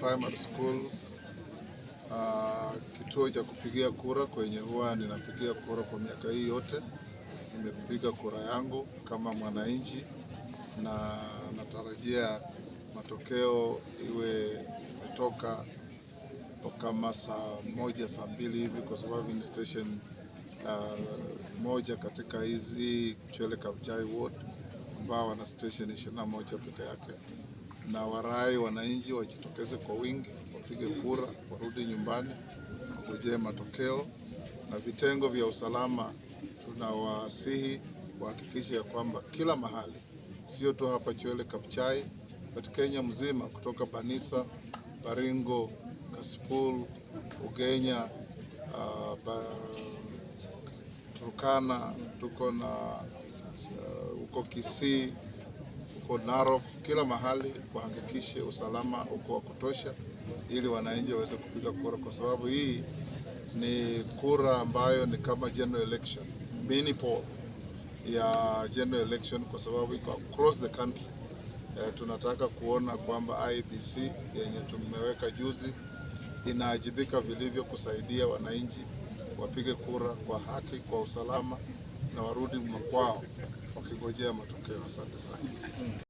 Primary School uh, kituo cha kupigia kura kwenye huwa ninapigia kura kwa miaka hii yote. Nimepiga kura yangu kama mwananchi na natarajia matokeo iwe imetoka kama saa moja saa mbili hivi, kwa sababu ni station uh, moja katika hizi Chwele Kabuchai ward ambao wana station 21 peke yake na warai wananchi wajitokeze kwa wingi, wapige kura, warudi nyumbani, wangojee matokeo. Na vitengo vya usalama tunawasihi wahakikishe ya kwamba kila mahali, sio tu hapa Chwele Kabuchai, katika Kenya mzima, kutoka Banisa, Baringo, Kasipul, Ugenya, uh, ba, Turkana, tuko na uh, huko uko Kisii huko Narok, kila mahali kuhakikishe usalama uko wa kutosha, ili wananchi waweze kupiga kura, kwa sababu hii ni kura ambayo ni kama general election, mini poll ya general election, kwa sababu iko across the country. E, tunataka kuona kwamba ibc yenye tumeweka juzi inaajibika vilivyo kusaidia wananchi wapige kura kwa haki, kwa usalama na warudi makwao wakingojea matokeo. Asante sana.